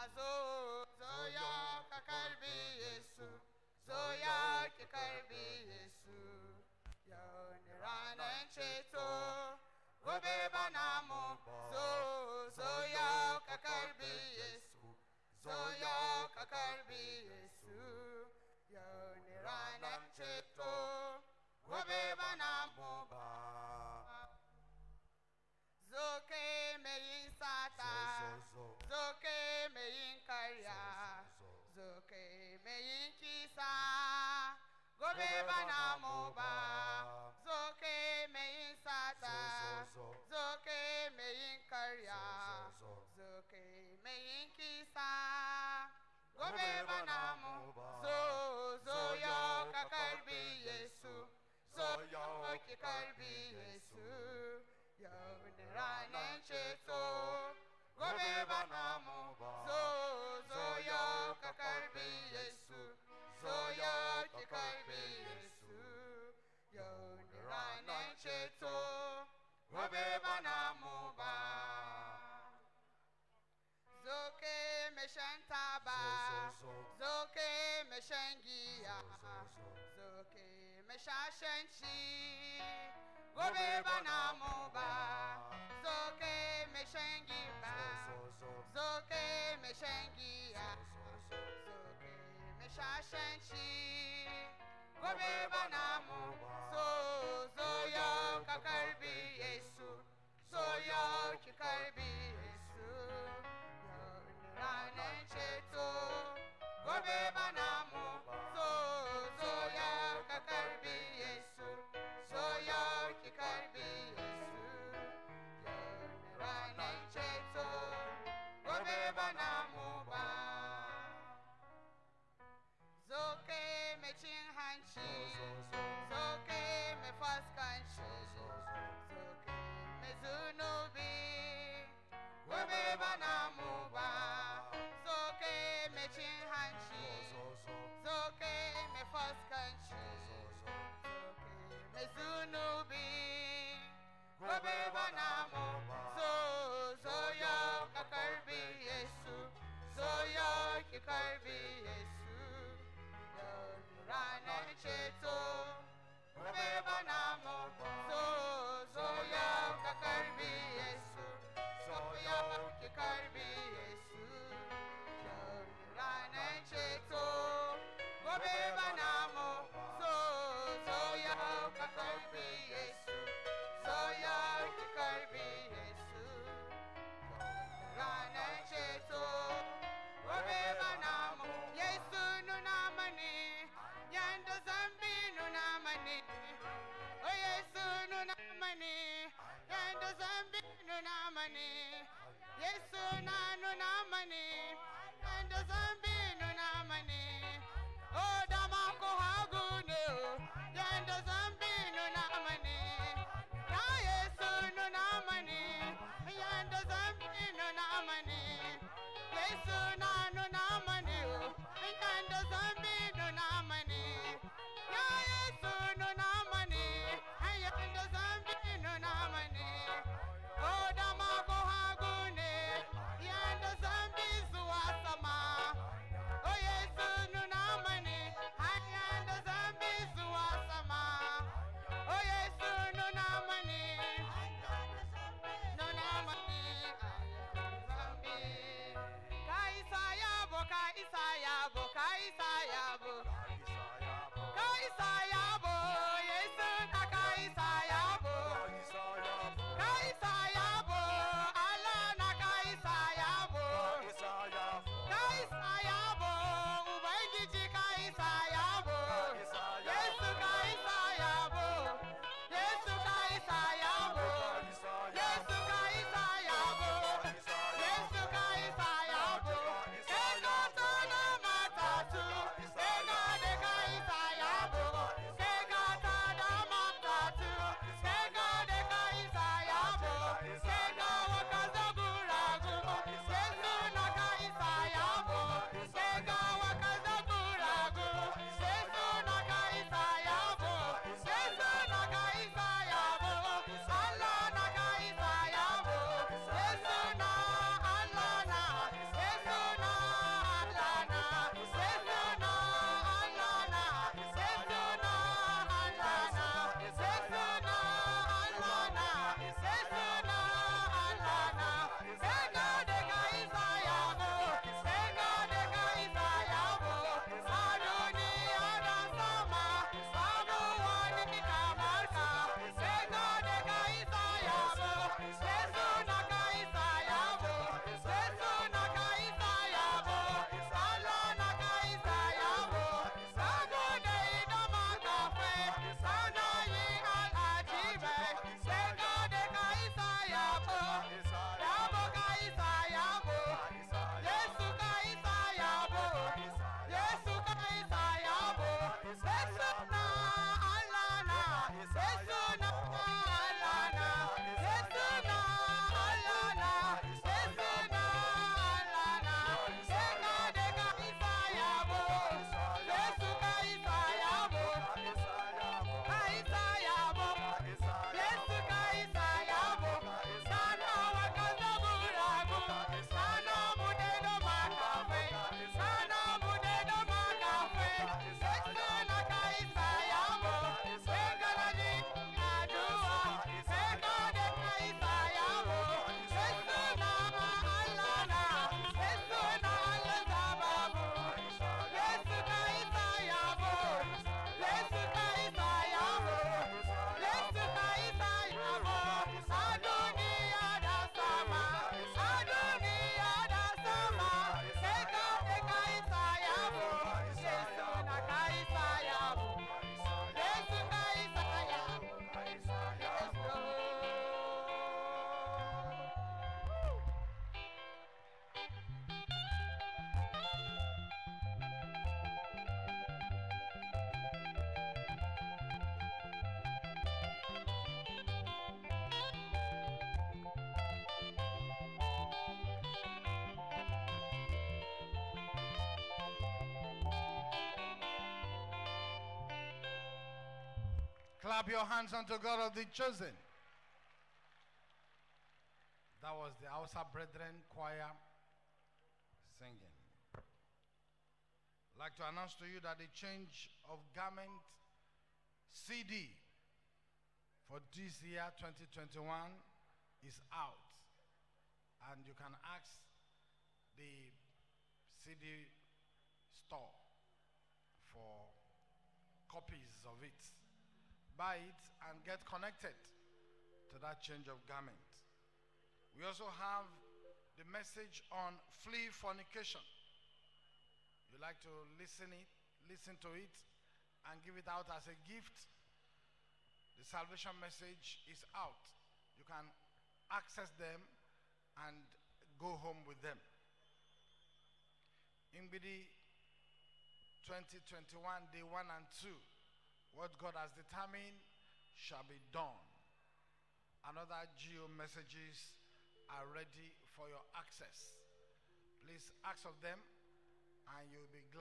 zo zoya ka kalbi yesu zoya ki kalbi yesu ya nirana cheto gobe banamo zo zoya ka kalbi yesu zoya ka kalbi yesu ya nirana cheto gobe banamo ba zo ke me insata zo ke zoke me yinkisa gobe bana moba zoke me yinsata zoke me yinkarya zoke me yinkisa gobe bana moba zo zo yo kakalbi yesu zo yo kakalbi yesu yo ne ranen cheto Gobe banamu ba Zo zoya kakarbi Yesu Zoya kikarbi Yesu Yonirane cheto Gobe banamu ba Zoke meshantaba Zoke meshangia Gobeba na mumba Zoke meshengiba Zoke meshengia Zoke meshashenshi Gobeba Mason. namane yesu nanu namane endo zambi nu namane oh, Clap your hands unto God of the chosen. That was the Hausa Brethren Choir singing. I'd like to announce to you that the change of garment CD for this year 2021 is out. And you can ask the CD store for copies of it buy it and get connected to that change of garment. We also have the message on flee fornication. You like to listen it, listen to it and give it out as a gift. The salvation message is out. You can access them and go home with them. Ingbidi 2021 day 1 and 2 what God has determined shall be done. Another geo messages are ready for your access. Please ask of them and you'll be glad.